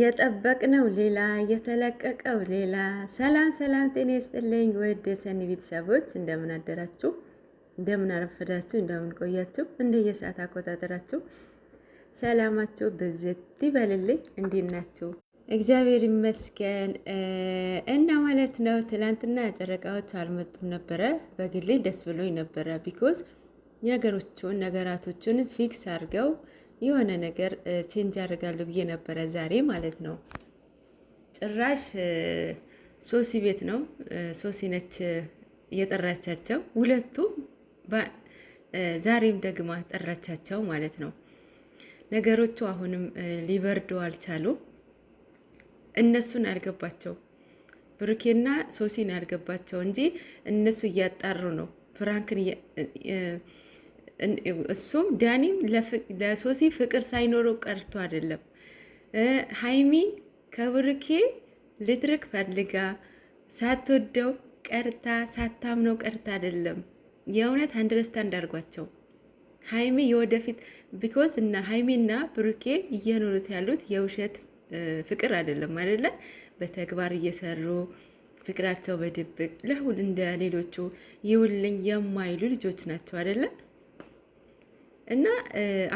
የጠበቅነው ሌላ የተለቀቀው ሌላ። ሰላም ሰላም፣ ጤና ይስጥልኝ ውድ የሰኒ ቤተሰቦች እንደምን አደራችሁ፣ እንደምን አረፈዳችሁ፣ እንደምን ቆያችሁ፣ እንደየሰዓት አቆጣጠራችሁ ሰላማችሁ በዘት ይበልልኝ። እንዴት ናችሁ? እግዚአብሔር ይመስገን። እና ማለት ነው ትናንትና ጨረቃዎች አልመጡም ነበረ። በግሌ ደስ ብሎኝ ነበረ። ቢኮዝ ነገሮቹን ነገራቶቹን ፊክስ አድርገው የሆነ ነገር ቼንጅ ያደርጋሉ ብዬ ነበረ ዛሬ ማለት ነው። ጭራሽ ሶሲ ቤት ነው ሶሲ ነች የጠራቻቸው ሁለቱም። ዛሬም ደግማ ጠራቻቸው ማለት ነው። ነገሮቹ አሁንም ሊበርዱ አልቻሉ። እነሱን አልገባቸው ብሩኬና ሶሲን አልገባቸው እንጂ እነሱ እያጣሩ ነው ፍራንክን እሱም ዳኒም ለሶሲ ፍቅር ሳይኖረው ቀርቶ አይደለም። ሀይሚ ከብርኬ ልትርቅ ፈልጋ ሳትወደው ቀርታ ሳታምነው ቀርታ አይደለም። የእውነት አንድረስታንድ አድርጓቸው ሀይሚ የወደፊት ቢኮዝ እና ሀይሚና ብሩኬ እየኖሩት ያሉት የውሸት ፍቅር አይደለም አይደለ? በተግባር እየሰሩ ፍቅራቸው በድብቅ ለሁል እንደ ሌሎቹ ይውልኝ የማይሉ ልጆች ናቸው አይደለ? እና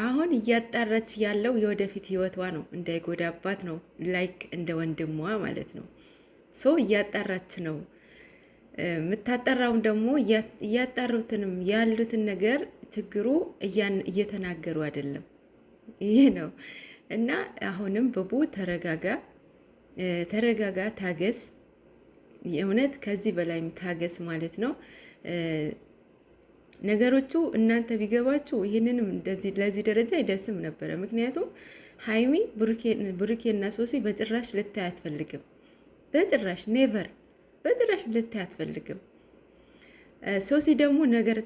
አሁን እያጣራች ያለው የወደፊት ህይወቷ ነው፣ እንዳይጎዳባት ነው። ላይክ እንደ ወንድሟ ማለት ነው። ሶ እያጣራች ነው። የምታጠራውን ደግሞ እያጣሩትንም ያሉትን ነገር ችግሩ እየተናገሩ አይደለም። ይህ ነው እና አሁንም ብቡ ተረጋጋ፣ ተረጋጋ፣ ታገስ። የእውነት ከዚህ በላይም ታገስ ማለት ነው። ነገሮቹ እናንተ ቢገባችሁ ይህንንም ለዚህ ደረጃ አይደርስም ነበረ። ምክንያቱም ሀይሚ ብሩኬና ሶሲ በጭራሽ ልታይ አትፈልግም። በጭራሽ ኔቨር፣ በጭራሽ ልታይ አትፈልግም። ሶሲ ደግሞ ነገር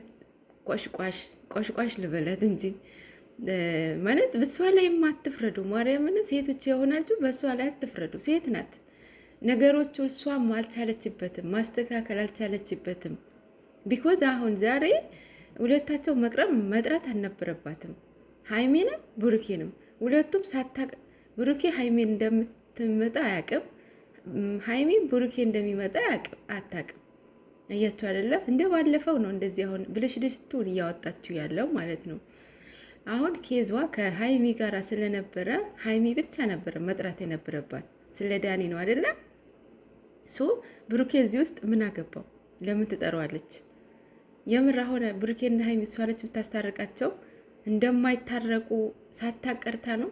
ቆሽቋሽ ቆሽቋሽ ልበላት እንጂ ማለት በሷ ላይ አትፍረዱ። ማርያምን ሴቶች የሆናችሁ በሷ ላይ አትፍረዱ። ሴት ናት። ነገሮቹ እሷም አልቻለችበትም፣ ማስተካከል አልቻለችበትም። ቢኮዝ አሁን ዛሬ ሁለታቸው መቅረብ መጥራት አልነበረባትም። ሀይሜንም ብሩኬንም ሁለቱም ሳታቅ ብሩኬ ሀይሜን እንደምትመጣ አያቅም። ሀይሜ ብሩኬ እንደሚመጣ አታቅም። እያችሁ አይደለ? እንደ ባለፈው ነው እንደዚህ አሁን ብልሽልሽቱን እያወጣችሁ ያለው ማለት ነው። አሁን ኬዟ ከሀይሚ ጋር ስለነበረ ሀይሚ ብቻ ነበረ መጥራት የነበረባት ስለ ዳኒ ነው አደለ ሶ ብሩኬ እዚህ ውስጥ ምን አገባው? ለምን ትጠራዋለች? የምር አሁን ብሩኬና ሀይሚ እሷ አለች ብታስታርቃቸው እንደማይታረቁ ሳታቀርታ ነው።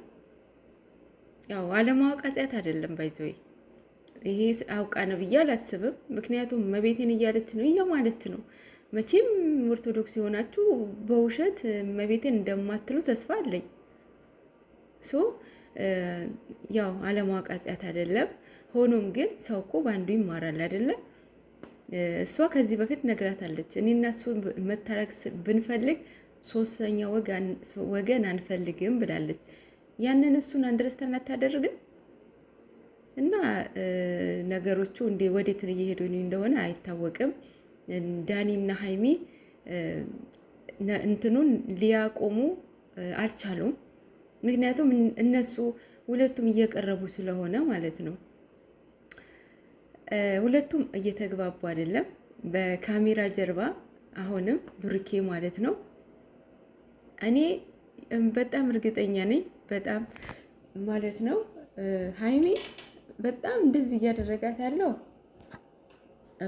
ያው አለማወቅ አጽያት አይደለም ባይዘወይ ይሄ አውቃ ነው ብዬ አላስብም። ምክንያቱም መቤቴን እያለች ነው እያ ማለት ነው። መቼም ኦርቶዶክስ የሆናችሁ በውሸት መቤቴን እንደማትሉ ተስፋ አለኝ። ሶ ያው አለማወቅ አጽያት አይደለም። ሆኖም ግን ሰው እኮ በአንዱ ይማራል አይደለም እሷ ከዚህ በፊት ነግራታለች። እኔና እሱ መታረቅ ብንፈልግ ሶስተኛ ወገን አንፈልግም ብላለች። ያንን እሱን አንደርስታን አታደርግም እና ነገሮቹ እንዴ ወዴት እየሄዱ እንደሆነ አይታወቅም። ዳኒና ሀይሚ እንትኑን ሊያቆሙ አልቻሉም። ምክንያቱም እነሱ ሁለቱም እየቀረቡ ስለሆነ ማለት ነው። ሁለቱም እየተግባቡ አይደለም። በካሜራ ጀርባ አሁንም ብሩኬ ማለት ነው። እኔ በጣም እርግጠኛ ነኝ በጣም ማለት ነው ሀይሚ በጣም እንደዚህ እያደረጋት ያለው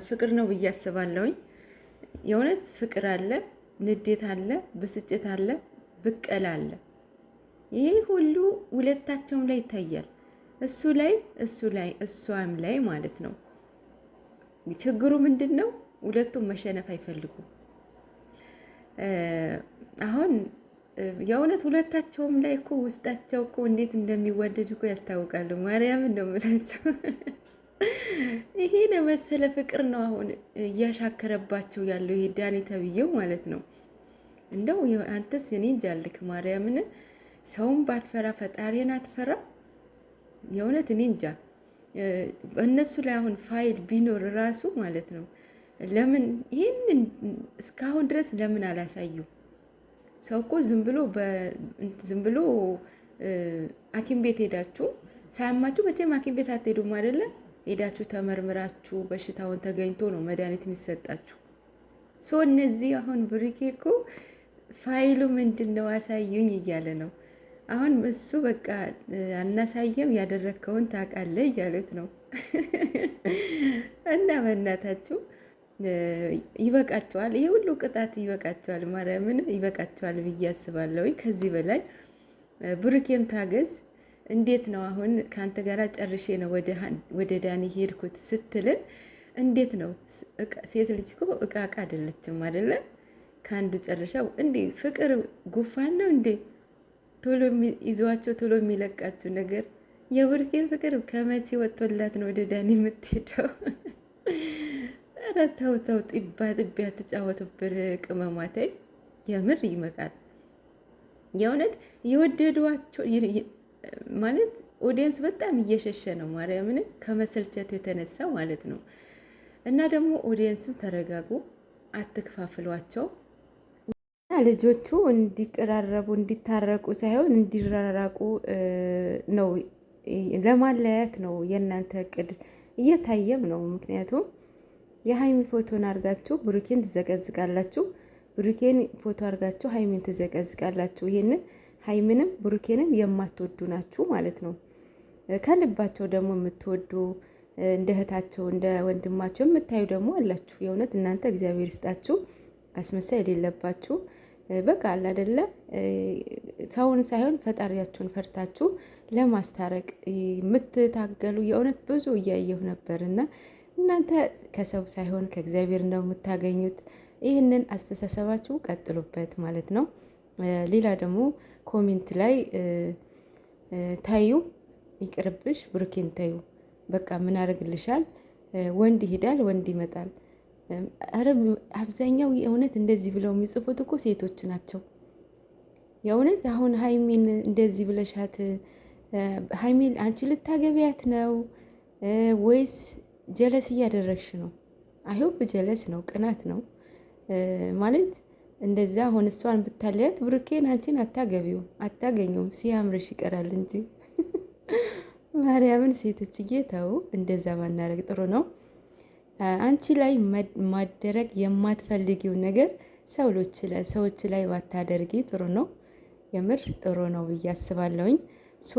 ፍቅር ነው ብዬ አስባለሁኝ። የእውነት ፍቅር አለ፣ ንዴት አለ፣ ብስጭት አለ፣ ብቀል አለ። ይሄ ሁሉ ሁለታቸውም ላይ ይታያል። እሱ ላይ እሱ ላይ እሷም ላይ ማለት ነው። ችግሩ ምንድን ነው? ሁለቱም መሸነፍ አይፈልጉም። አሁን የእውነት ሁለታቸውም ላይ እኮ ውስጣቸው እኮ እንዴት እንደሚወደድ እኮ ያስታውቃሉ። ማርያም ነው ይሄ ነው መሰለ ፍቅር ነው አሁን እያሻከረባቸው ያለው ይሄ ዳኒ ተብዬው ማለት ነው። እንደው አንተስ እኔ እንጃልክ ማርያምን፣ ሰውን ባትፈራ ፈጣሪን አትፈራ? የእውነት እኔ እንጃ እነሱ ላይ አሁን ፋይል ቢኖር ራሱ ማለት ነው ለምን ይህንን እስካሁን ድረስ ለምን አላሳዩ? ሰው እኮ ዝም ብሎ ዝም ብሎ ሐኪም ቤት ሄዳችሁ ሳያማችሁ መቼም ሐኪም ቤት አትሄዱም አይደለ? ሄዳችሁ ተመርምራችሁ በሽታውን ተገኝቶ ነው መድኃኒት የሚሰጣችሁ። ሶ እነዚህ አሁን ብሪኬ እኮ ፋይሉ ምንድን ነው አሳዩኝ እያለ ነው። አሁን እሱ በቃ አናሳየም ያደረግከውን ታውቃለህ እያሉት ነው። እና በእናታችሁ ይበቃቸዋል፣ ይሄ ሁሉ ቅጣት ይበቃቸዋል፣ ማርያምን ይበቃቸዋል ብዬ አስባለሁ። ከዚህ በላይ ብሩኬም ታገዝ። እንዴት ነው አሁን ከአንተ ጋር ጨርሼ ነው ወደ ዳኒ ሄድኩት ስትልን እንዴት ነው? ሴት ልጅ እኮ እቃ እቃ አይደለችም አይደለ? ከአንዱ ጨርሻው እንዴ ፍቅር ጉፋን ነው እንዴ? ቶሎ ይዟቸው ቶሎ የሚለቃችሁ ነገር የብሩኬ ፍቅር ከመቼ ወጥቶላት ነው ወደ ዳኒ የምትሄደው? ኧረ ተው ተው፣ ጢባ ጥቢ የምር ይመቃል። የእውነት የወደዷቸው ማለት ኦዲየንሱ በጣም እየሸሸ ነው ማርያምን ከመሰልቸቱ የተነሳ ማለት ነው። እና ደግሞ ኦዲየንስም ተረጋጉ፣ አትክፋፍሏቸው። ልጆቹ እንዲቀራረቡ እንዲታረቁ ሳይሆን እንዲራራቁ ነው፣ ለማለያየት ነው የእናንተ እቅድ። እየታየም ነው። ምክንያቱም የሀይሚ ፎቶን አድርጋችሁ ብሩኬን ትዘቀዝቃላችሁ፣ ብሩኬን ፎቶ አድርጋችሁ ሀይሚን ትዘቀዝቃላችሁ። ይህንን ሀይሚንም ብሩኬንም የማትወዱ ናችሁ ማለት ነው። ከልባቸው ደግሞ የምትወዱ እንደ እህታቸው እንደ ወንድማቸው የምታዩ ደግሞ አላችሁ። የእውነት እናንተ እግዚአብሔር ይስጣችሁ፣ አስመሳይ የሌለባችሁ በቃ አለ አይደለ ሰውን ሳይሆን ፈጣሪያችሁን ፈርታችሁ ለማስታረቅ የምትታገሉ የእውነት ብዙ እያየሁ ነበርና እናንተ ከሰው ሳይሆን ከእግዚአብሔር ነው የምታገኙት። ይህንን አስተሳሰባችሁ ቀጥሉበት ማለት ነው። ሌላ ደግሞ ኮሜንት ላይ ታዩ ይቅርብሽ፣ ብሩኬን ታዩ በቃ ምን አደርግልሻል? ወንድ ይሄዳል፣ ወንድ ይመጣል። አረብ አብዛኛው የእውነት እንደዚህ ብለው የሚጽፉት እኮ ሴቶች ናቸው። የእውነት አሁን ሀይሚን እንደዚህ ብለሻት ሀይሚን አንቺ ልታገቢያት ነው ወይስ ጀለስ እያደረግሽ ነው? አይሁብ ጀለስ ነው፣ ቅናት ነው ማለት እንደዛ አሁን እሷን ብታለያት ብሩኬን አንቺን አታገቢው አታገኘውም፣ ሲያምርሽ ይቀራል እንጂ ማርያምን ሴቶች ተው፣ እንደዛ ባናረግ ጥሩ ነው። አንቺ ላይ ማደረግ የማትፈልጊው ነገር ሰዎች ላይ ባታደርጊ ጥሩ ነው። የምር ጥሩ ነው ብዬ አስባለሁኝ ሶ